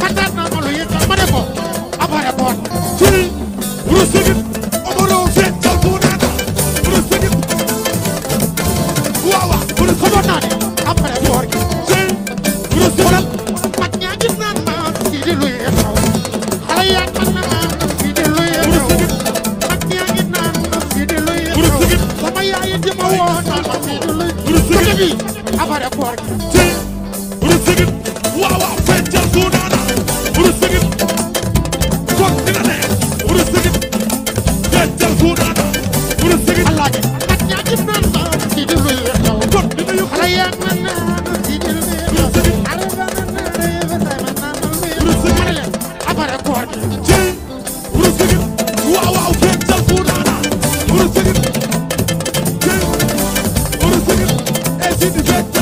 Patat na bi après koor Didi Bette